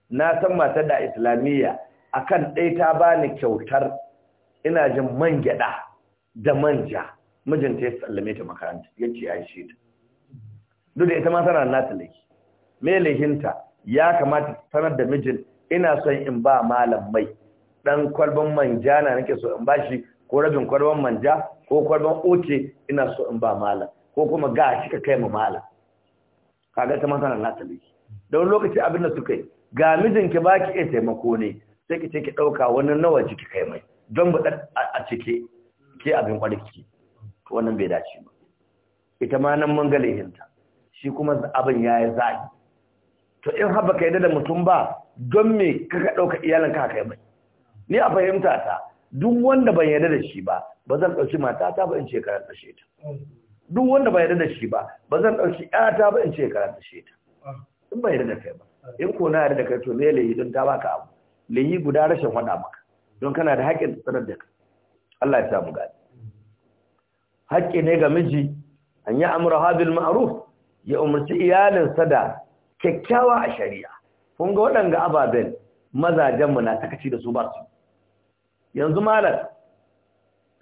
na san matar da islamiyya akan ɗaya ta bani kyautar ina jin man gyaɗa da manja mijinta ya sallame ta makaranta ya ce ya shi ta duk da ita ma tana nata laki me ya kamata sanar da mijin ina son in ba malam mai Ɗan kwalban manja na nake so in bashi ko rabin kwalban manja ko kwalban oke ina so in ba malam ko kuma ga shi ka kai ma malam kaga ta masana na ta da wani lokaci abin da suka yi ga mijinki ba ki iya taimako ne sai ki ce ki ɗauka wani nawa jiki kai mai don buɗa a cike ke abin ƙwarki wannan bai dace ba ita ma nan mun hinta shi kuma abin ya yi zaɓi to in haba kai da mutum ba don me kaka ɗauka iyalan ka kai mai ni a fahimta ta duk wanda ban yarda da shi ba ba zan ɗauki matata ba in ce karanta ɗashe ta duk wanda bai da shi ba ba zan dauki ƴata ba in ce karanta shi ta ah. in bai da kai ba ah. in ko na da kai to me layi don ta baka abu layi guda rashin faɗa maka don kana da haƙƙin sanar da kai Allah ya samu gani haƙƙi ne ga miji an yi amra habil ma'ruf ya umarci iyalinsa da kyakkyawa a shari'a kun ga waɗanga ababen mu na takaci da su ba su yanzu malam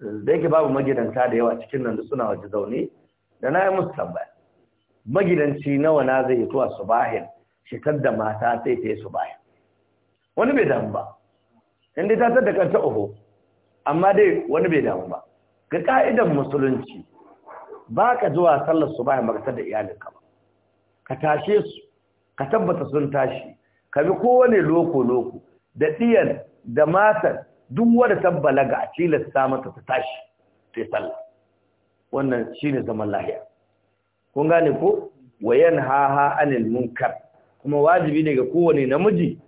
da yake babu magidanta da yawa cikin nan suna waje zaune da na yi musu tambaya magidanci nawa na zai yi tuwa subahin shekar da mata sai ta yi subahin wani bai damu ba inda ta tattaka ta amma dai wani bai damu ba ga ka'idan musulunci ba ka zuwa sallar subahin baka da iyalinka ba ka tashe su ka tabbata sun tashi ka bi kowane loko-loko da ɗiyan da matan duk wanda ta balaga a tilasta mata ta tashi sai sallah wannan shine zaman lahiya kun gane ko wayan haha anil munkar kuma wajibi ne ga kowane namiji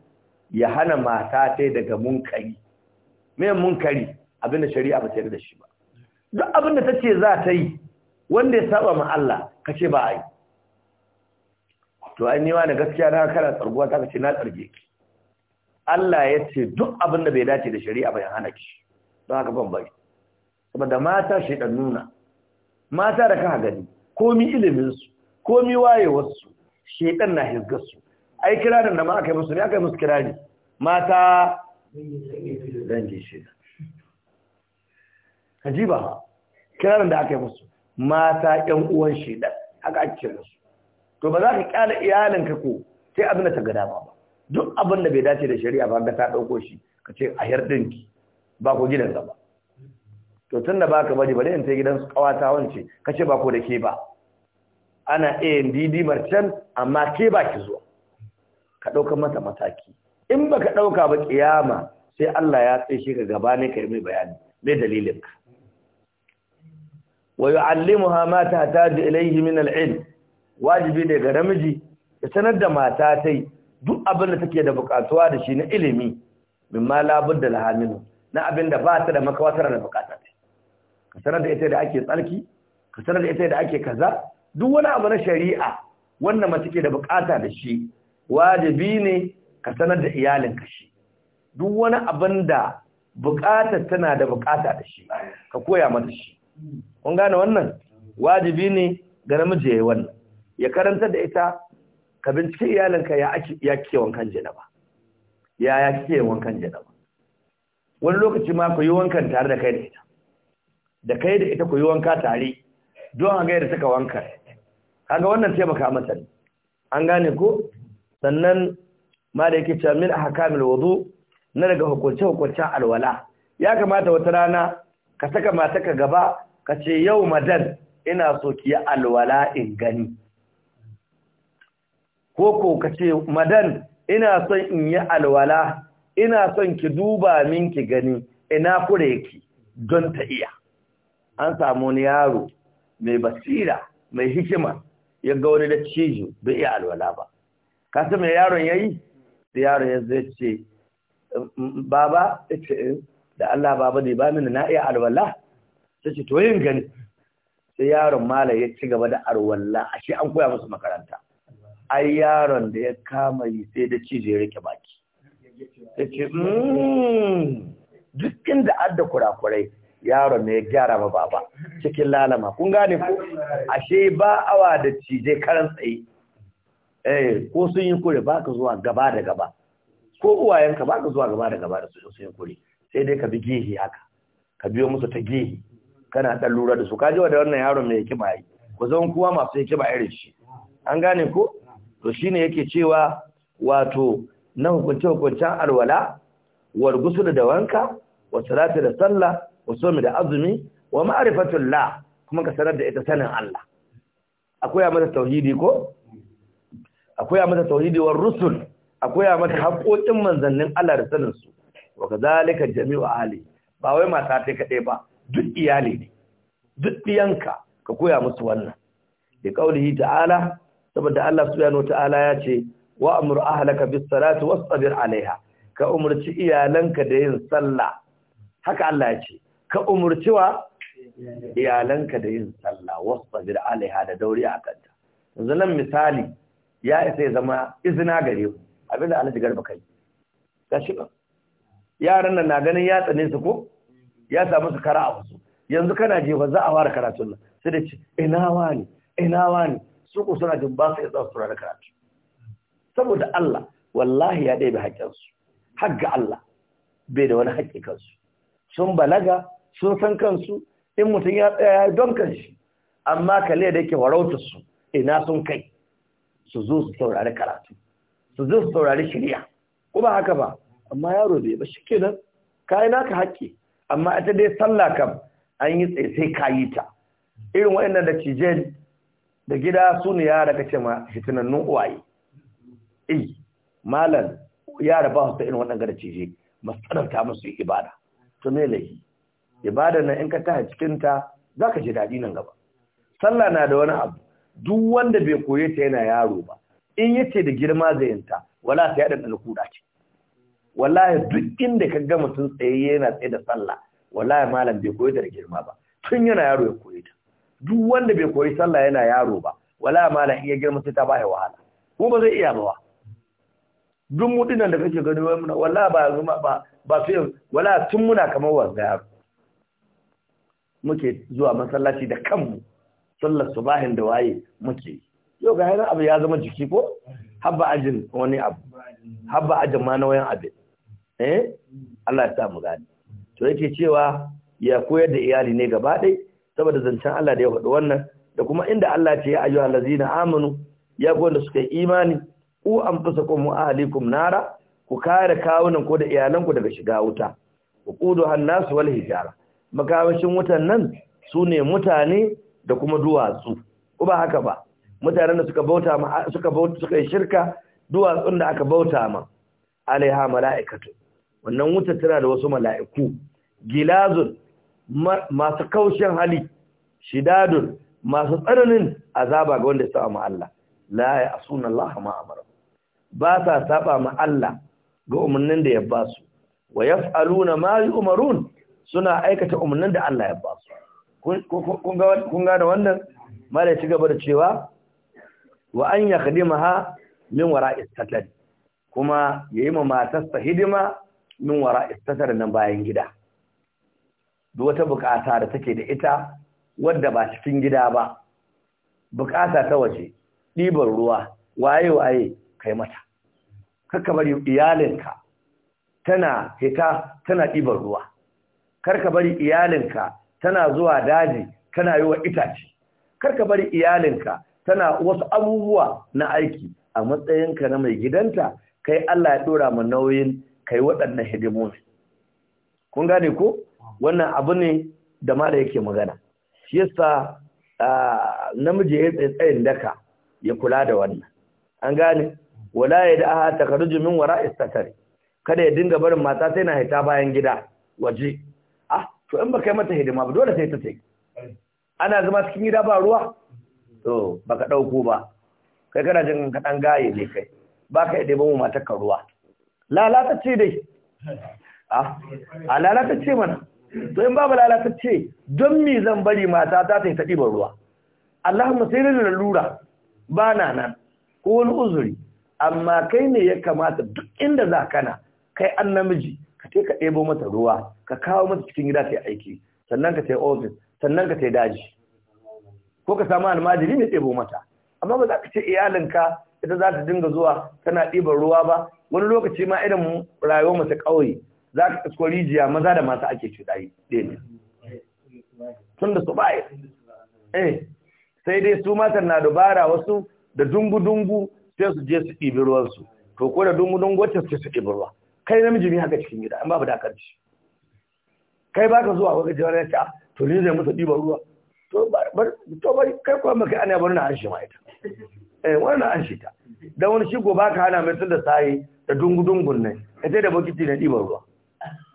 ya hana mata ta daga munkari me munkari abinda shari'a ba ta yarda da shi ba duk abinda tace za ta yi wanda ya saba ma Allah kace ba ai to ai wa na gaskiya na kana tsarguwa ta kace na tsarge ki Allah ya ce duk abin da bai dace da shari'a bai hana ki don haka ban bari saboda mata shedan nuna mata da ka gani komi ilimin su komi wayewar su shedan na hirgar su ai kira da nama aka yi musu ne aka yi musu ne mata dangi shedan hajiba ha kira da aka yi musu mata 'yan uwan shedan haka ake kira su to ba za ka kyale iyalinka ko sai abin da ta gada ba. duk abin da bai dace da shari'a ba ga ta dauko shi ka ce a yardin ki ba ko gidan ba to tunda baka bari bari in ta gidan su kawata wance ka ce ba ko da ke ba ana ANDD marcan amma ke ba ki zuwa ka dauka mata mataki in baka dauka ba kiyama sai Allah ya tsaye ka gaba ne ka yi mai bayani mai dalilin ka wa yu'allimuha ma tahtaju ilayhi min al wajibi ne ga namiji ya sanar da mata tai duk abin da take da bukatuwa da shi na ilimi mimma labud da lahaminu na abin da ba ta da makawatar da bukata ta ka sanar da ita da ake tsarki ka sanar da ita da ake kaza duk wani abu na shari'a wannan mace ke da bukata da shi wajibi ne ka sanar da iyalin ka shi duk wani abin da bukatar tana da bukata da shi ka koya mata shi kun gane wannan wajibi ne ga namiji yayi wannan ya karanta da ita ka bincike iyalinka ya ake ya kike wankan janaba ya ya kike wankan janaba wani lokaci ma ku yi wankan tare da kai da ita da kai da ita ku yi wanka tare don a ga yadda suka wanka kaga wannan taimaka masa ne an gane ko sannan ma da yake cewa min ahkamil wudu na daga hukunce hukuncen alwala ya kamata wata rana ka saka mataka gaba ka ce yau madan ina so ki alwala in gani ko ko ka ce madan ina son in yi alwala ina son ki duba min ki gani ina kure ki don ta iya an samu wani yaro mai basira mai hikima ya ga wani da cijo bai iya alwala ba Ka san me yaron yayi da yaron ya zai ce baba da Allah baba ne ba mini na iya alwala sai ce to yin gani sai yaron malai ya ci gaba da alwala a shi an koya musu makaranta ai yaron da ya kama yi sai da cije ya rike baki ta ce mm, duk inda adda kurakurai yaron ne ya gyara ma baba cikin lalama kun gane ku ashe ba awa da cije karan tsaye eh ko sun yi kure ba ka zuwa gaba da gaba ko uwayenka ba ka zuwa gaba da gaba da sun yi kure sai dai ka bi gehe haka ka biyo musu ta gehe kana dan lura da su ka ji wa da wannan yaron mai hikima yi ku zan kuwa masu hikima irin shi an gane ko to shi ne yake cewa wato na hukunce hukuncen alwala wa gusul da wanka wa salati da sallah wa somi da azumi wa ma'rifatul la kuma ka sanar da ita sanin Allah akwai mata tauhidi ko akwai mata tauhidi war rusul akwai mata haƙoƙin manzannin Allah da sanin su wa kadhalika jami'u Ali? ba wai mata ta kaɗai ba duk iyali ne duk ɗiyanka ka koya musu wannan da kaulihi ta'ala saboda Allah subhanahu wataala ya ce wa amru ahlaka bis salati wasbir alaiha ka umurci iyalanka da yin sallah haka Allah ya ce ka umurci wa iyalanka da yin sallah wasbir alaiha da dauri a kanta yanzu nan misali ya isa ya zama izina gare ku abinda Allah ya garba kai gashi ba yaran nan na ganin ya tsane su ko ya samu su kara a wasu yanzu kana jefa za a fara karatun nan sai da ce ina wani ina wani su suna jin ba su iya su saurari karatu saboda Allah wallahi ya ɗaya haƙƙinsu haƙƙa Allah bai da wani haƙƙi kansu sun balaga sun san kansu in mutum ya tsaya don kanshi amma kale da yake warautar su ina sun kai su zo su saurari karatu su zo su saurari shirya ko haka ba amma yaro bai ba shi kenan kayi naka haƙƙi amma ita dai sallah kam an yi tsaye sai kayi ta irin waɗannan da cijen. da gida su ne yara kace ma fitinannun uwaye eh malam yara ba su ta irin waɗanda garaci cije matsalarta musu ibada to me laifi ibada nan in ka taha cikin ta zaka ji dadi nan gaba sallah na da wani abu duk wanda bai koye ta yana yaro ba in yace da girma zayinta wala sai ya ɗanɗana alkuda ce wallahi duk inda ka ga mutum tsaye yana tsaye da sallah wallahi malam bai koye da girma ba tun yana yaro ya koye ta duk wanda bai koyi sallah yana yaro ba wala ma na iya girma sai ta ba ya wahala ko ba zai iya ba duk mudinan da kake gani wala ba zuma ba ba sai wala tun muna kamar wanda yaro muke zuwa masallaci da kanmu sallar subahin da waye muke yau ga yana abu ya zama jiki ko habba ajin wani abu habba ajin ma na wayan abin eh Allah ya sa mu gani to yake cewa ya koyar da iyali ne gaba ɗaya saboda zancen Allah da ya faɗi wannan da kuma inda Allah ce ya ayyuhal ladzina amanu ya ga wanda suka yi imani ku anfusakum wa ahlikum nara ku kare kawunan ko da iyalan ku daga shiga wuta uquduha an wal hijara Makamashin wutan nan sune mutane da kuma duwatsu ko ba haka ba mutanen da suka bauta ma suka bauta suka yi shirka duwatsun da aka bauta ma alaiha mala'ikatu wannan wuta tana da wasu mala'iku gilazun masu kaushin hali shidadun masu tsananin azaba ga wanda ya saba ma Allah la ya asuna Allah ma amara ba sa saba ma Allah ga umarnin da ya ba su wa yaf'aluna ma yu'marun suna aikata umarnin da Allah ya ba su kun ga kun ga wannan mala ya ci gaba da cewa wa an yakhdimaha min wara'i satar kuma yayi ma matarsa hidima min wara'i satar nan bayan gida da wata bukata da take da ita wadda ba cikin gida ba bukata ta waje ɗibar ruwa waye waye kai mata kakka bari iyalinka tana hita tana ɗibar ruwa karka bari iyalinka tana zuwa daji tana yi wa itace karka bari iyalinka tana wasu abubuwa na aiki a matsayinka na mai gidanta kai Allah ya dora mu nauyin kai waɗannan hidimomi kun gane ko wannan abu ne da mara yake magana shi yasa namiji ya tsayin daka ya kula da wannan an gane wala ya da'a takaruju min wara istatari kada ya dinga barin mata sai na haita bayan gida waje ah to in ba kai mata hidima ba dole sai ta sai ana zama cikin gida ba ruwa to baka dauko ba kai kana jin ka dan gaye ne kai baka yi mu mata ka ruwa lalata ce dai ah a lalata ce mana to in babu lalata ce don me zan bari mata ta ta ɗiban ruwa Allahumma sai da lura ba na nan ko wani uzuri amma kai ne ya kamata duk inda za kana kai an namiji ka ce ka ɗebo mata ruwa ka kawo mata cikin gida ta yi aiki sannan ka ta yi ofis sannan ka ta yi daji ko ka samu almajiri ne ɗebo mata amma ba za ka ce iyalinka ita za ta dinga zuwa tana ɗiban ruwa ba wani lokaci ma irin rayuwar mace ƙauye za ka isko rijiya maza da masu ake cuɗayi ɗaya tun da su baya eh sai dai su matan na dubara wasu da dungu-dungu sai su je su ɗibi ruwansu to ko da dungu-dungu wacce su su ɗibi ruwa kai namiji ne haka cikin gida an babu dakar shi kai baka zuwa wata jawar ya ta ah, to ni zai musu ɗiba ruwa to bari kai kuma kai ana bari na an shi ma ita eh wani na an shi ta dan wani shi ko baka hana mai tun da sayi da dungu-dungun nan ka da bokiti na ɗiban ruwa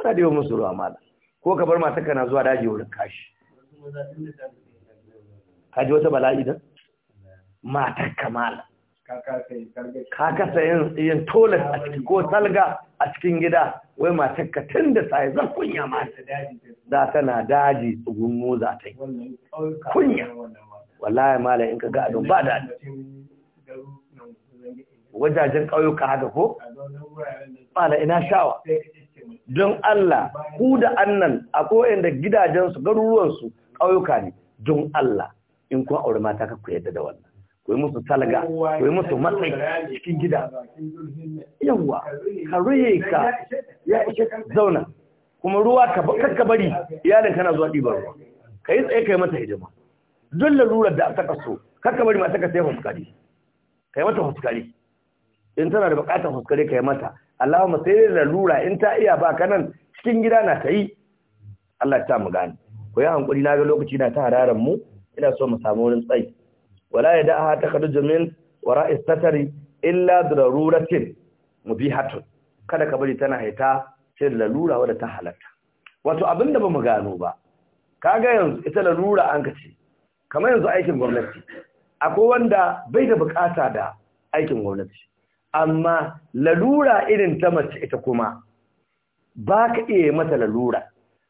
ana da yawan musu ruwa mala ko ka bar matarka kana zuwa daji wurin kashi ka ji wata bala'i don matar kamala ka kasa yin tola a cikin ko salga a cikin gida wai matar ka tun da yi zan kunya mata za ta na daji tsugun moza ta yi kunya wallahi mala in ka ga adon ba daɗi wajajen ƙauyuka haka ko? da ina shawa. don Allah ku da annan a koyan da gidajensu garuruwansu ƙauyuka ne don Allah in kuwa aure mata ka ku yadda da wannan ku yi musu talaga ku yi musu matsayi cikin gida yawa ka ruye ka ya ishe zauna kuma ruwa ka bari iyalin kana zuwa ɗiban ruwa ka yi tsaye ka yi mata hidima don lalurar da ta kaso kakka bari mata ka sai fuskari. ka yi mata fuskari. in tana da bukatar fuskari ka yi mata Allahumma sai dai lalura in ta iya ba kanan cikin gida na ta yi Allah ta mu gani ko ya hankuri na ga lokaci na ta hararan mu ina so mu samu wurin tsayi wala ya da'a ta kadu jamin wara istatari illa daruratin mubihatun kada ka bari tana haita sai lalura wadda ta halatta wato abinda ba mu gano ba kaga yanzu ita lalura an kace kamar yanzu aikin gwamnati akwai wanda bai da bukata da aikin gwamnati amma lalura irin ta mace ita kuma ba ka iya mata lalura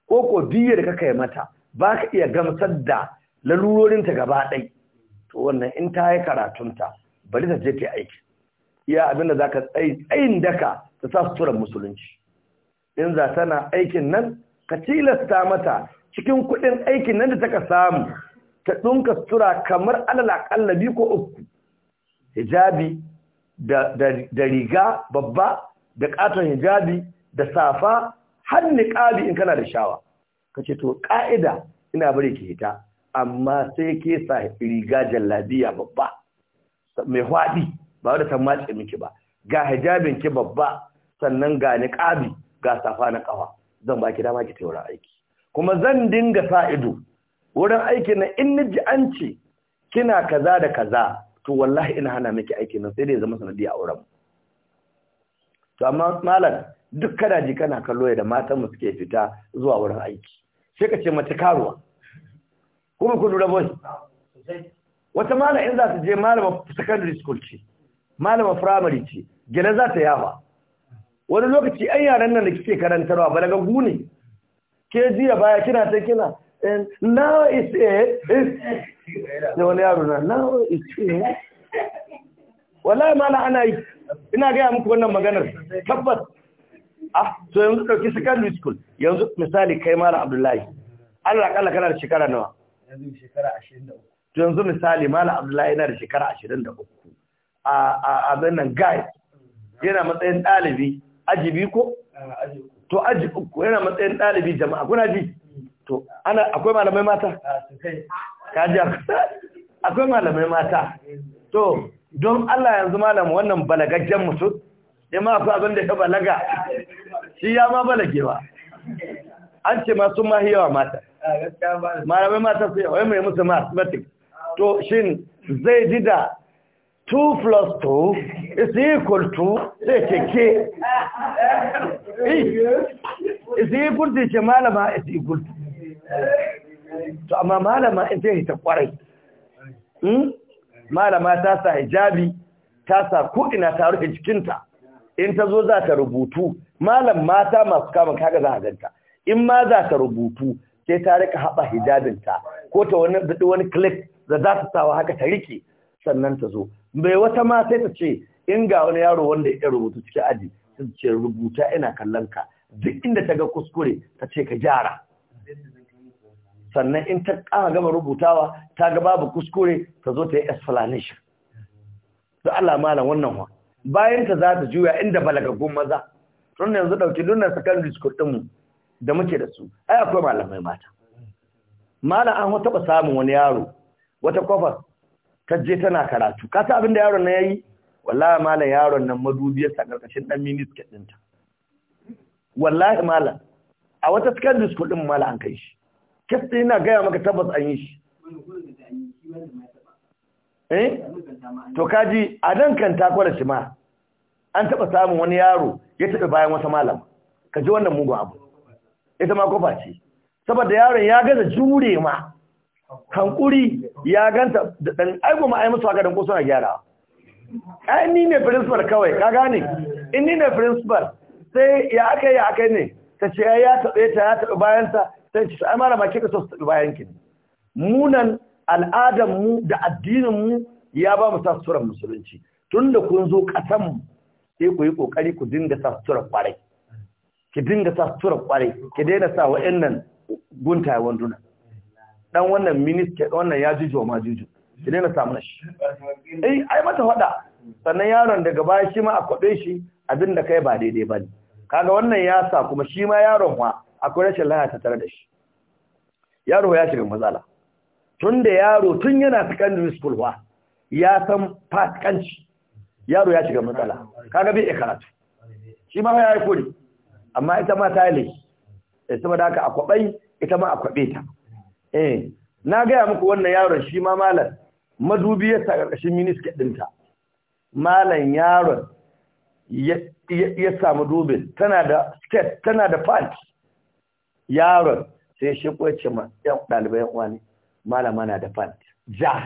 ko ko biyar ka kai mata ba ka iya gamsar da lalurorinta gaba ɗai to wannan in ta yi karatunta bari ta je ta aiki iya da za ka tsayin daka ta sa suturar musulunci in za tana aikin nan ka tilasta mata cikin kuɗin aikin nan da ta ka samu ta ɗunka sutura kamar alal biyu ko uku hijabi da riga babba da katon hijabi da safa har niqabi in kana da shawa kace to ka'ida ina bari ki hita amma sai ke sa riga jallabiya babba mai hwadi ba da san miki ba ga hijabin ki babba sannan ga niqabi ga safa na kawa zan baki dama ki taura aiki kuma zan dinga sa ido wurin aikin na in ji an ce kina kaza da kaza to wallahi ina hana miki aikin nan sai dai zama sanadiyya wurin to amma malam duk kana ji kana kallo da matan mu suke fita zuwa wurin aiki sai ka ce mace karuwa kuma ku dura boys wata malam in za su je malama secondary school ce malama primary ce gele za ta yawa wani lokaci an yaran nan da kike karantarwa ba daga gune ke jiya baya kina ta kina eh, now is a eh, da wani yaro na na ice wallahi na ana yi ina gaya muku wannan maganar tabbas ah to yanzu dauki secondary school yanzu misali kai mala abdullahi Allah kalla kana da shekara nawa yanzu shekara 23 to yanzu misali mala abdullahi yana da shekara 23 a a a nan guy yana matsayin dalibi ajibi ko to aji uku yana matsayin dalibi jama'a kuna ji mm. to ana akwai malamai mata kaji akwai malamai mata to don Allah yanzu malam wannan balagajjen mutum ya ma akwai abin da ya balaga shi ya ma balagewa an ce ma sun ma yawa mata malamai mata su yawai mai musu mathematics to shin zai ji da 2 plus 2 is equal to sai keke? ke is equal to ce malama is equal to to amma malama in sai ta kwarai hmm? malama ta sa hijabi ta sa ko'ina ta rufe jikinta in ta zo za ta rubutu malam mata masu kama kaga za a ganta in ma za ta rubutu sai ta rika haɓa hijabinta ko ta wani daɗi wani klik da za ta sawa haka ta rike sannan ta zo bai wata ma sai ta ce in ga wani yaro wanda ya rubutu cikin aji sai ta ce rubuta ina kallon ka duk inda ta ga kuskure ta ce ka gyara sannan in ta ƙara gama rubutawa ta ga babu kuskure ta zo ta yi explanation da Allah malam wannan wa bayan ta za ta juya inda balagagun maza tun yanzu dauki dunnan secondary school ɗinmu da muke da su ai akwai malamai mata malam an taɓa samun wani yaro wata kwafar ta je tana karatu ka san abin da yaron na yayi wallahi malam yaron nan madubiyar sa karkashin dan minisket ɗinta wallahi malam a wata secondary school ɗin malam an kai shi kes ɗin na gaya maka tabbas an yi shi eh to kaji a dan kan takwara shi ma an taba samun wani yaro ya taɓa bayan wata malam ka ji wannan mugun abu ita ma kofa ce saboda yaron ya gaza jure ma hankuri ya ganta da ɗan aibu ma'ai musu haka don suna gyara ai ni ne principal kawai ka gane in ni ne principal sai ya aka yi aka ne ta ce ya taɓe ta ya taɓa bayansa sai ci ai malama ke ka so su bayan ki munan al'adar mu da addinin mu ya ba mu sasuran musulunci tunda kun zo kasan mu sai ku yi kokari ku dinga sasuran kwarai ki dinga sasuran kwarai ki daina sa wa'annan guntaye wanduna dan wannan minister wannan ya jujo ma juju ki daina sa mana shi eh ai mata fada sannan yaron daga baya shi ma a kwabe shi abinda kai ba daidai bane kaga wannan ya sa kuma shi ma yaron wa akwai rashin lana ta tare da shi yaro ya shiga matsala tun da yaro tun yana secondary school wa ya san fasikanci yaro ya shiga matsala kaga bai karatu shi ma ya yi kore amma ita ma ta yi laifi sama eh, saboda haka akwabai ita ma akwabe ta eh na gaya muku wannan yaron shi ma malam madubi ya sa karkashin miniskit ta. malam yaron ya samu dubin tana da skirt tana da pants yaron sai shi kwace ma ɗan ɗalibai yan uwa ne malama na da fan ja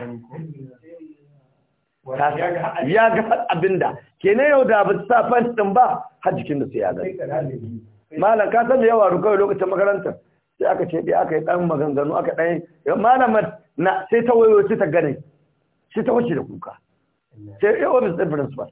ya ga abinda kenan yau da ba sa fan din ba har jikin da sai ya gani malam ka san yawa rukai lokacin makarantar sai aka ce dai aka yi dan maganganu aka dan malamar na sai ta wayo sai ta gane sai ta wuce da kuka sai ya office principal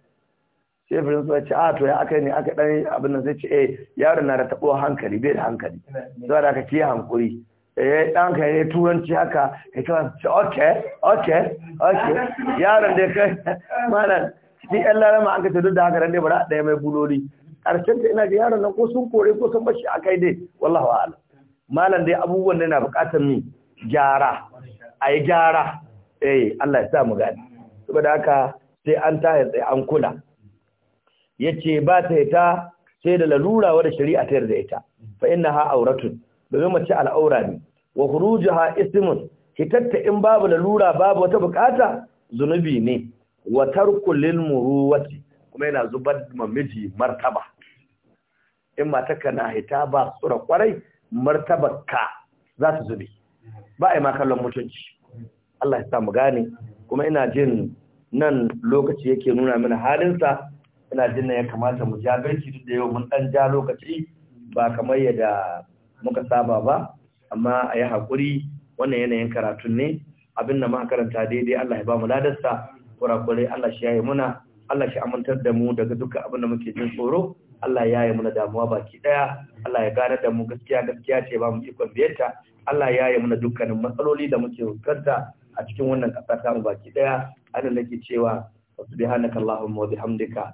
sai ya ce a to ya aka ne aka dan abin nan sai ce eh yaron na da tabo hankali bai da hankali saboda aka kiyaye hankuri eh dan ka ne turanci haka kai ta ce okay okay okay yaron da kai malam shi ɗan larama an ka ce duk da haka dai bara ɗaya mai buloli karshen ta ina ga yaron nan ko sun kore ko sun bashi akai dai wallahi a'lam malam dai abubuwan da na bukatar mi gyara a yi gyara eh Allah ya sa mu gani saboda haka sai an tayar sai an kula yace ba ta ita sai da lalura da shari'a ta yarda ita fa ha auratun domin mace al'aura ne wa khurujuha ismun hitatta in babu lalura babu wata bukata zunubi ne wa tarku lil muruwati kuma yana zubar da miji martaba in mata kana hita ba tsura kwarai ka za ta zube ba a ma kallon mutunci Allah ya samu gane kuma ina jin nan lokaci yake nuna mana halinsa ina jin ya kamata mu ja barki duk da yau mun dan ja lokaci ba kamar yadda muka saba ba amma a yi haƙuri wannan yanayin karatun ne abin da muka karanta daidai Allah ya ba mu ladarsa kurakurai Allah shi yayi muna Allah shi amintar da mu daga duka abin da muke jin tsoro Allah ya yi muna damuwa baki daya Allah ya gane da mu gaskiya gaskiya ce ba mu ikon biyarta Allah ya yi muna dukkanin matsaloli da muke fuskanta a cikin wannan ƙasa ta mu baki daya ana nake cewa subhanakallahumma wa bihamdika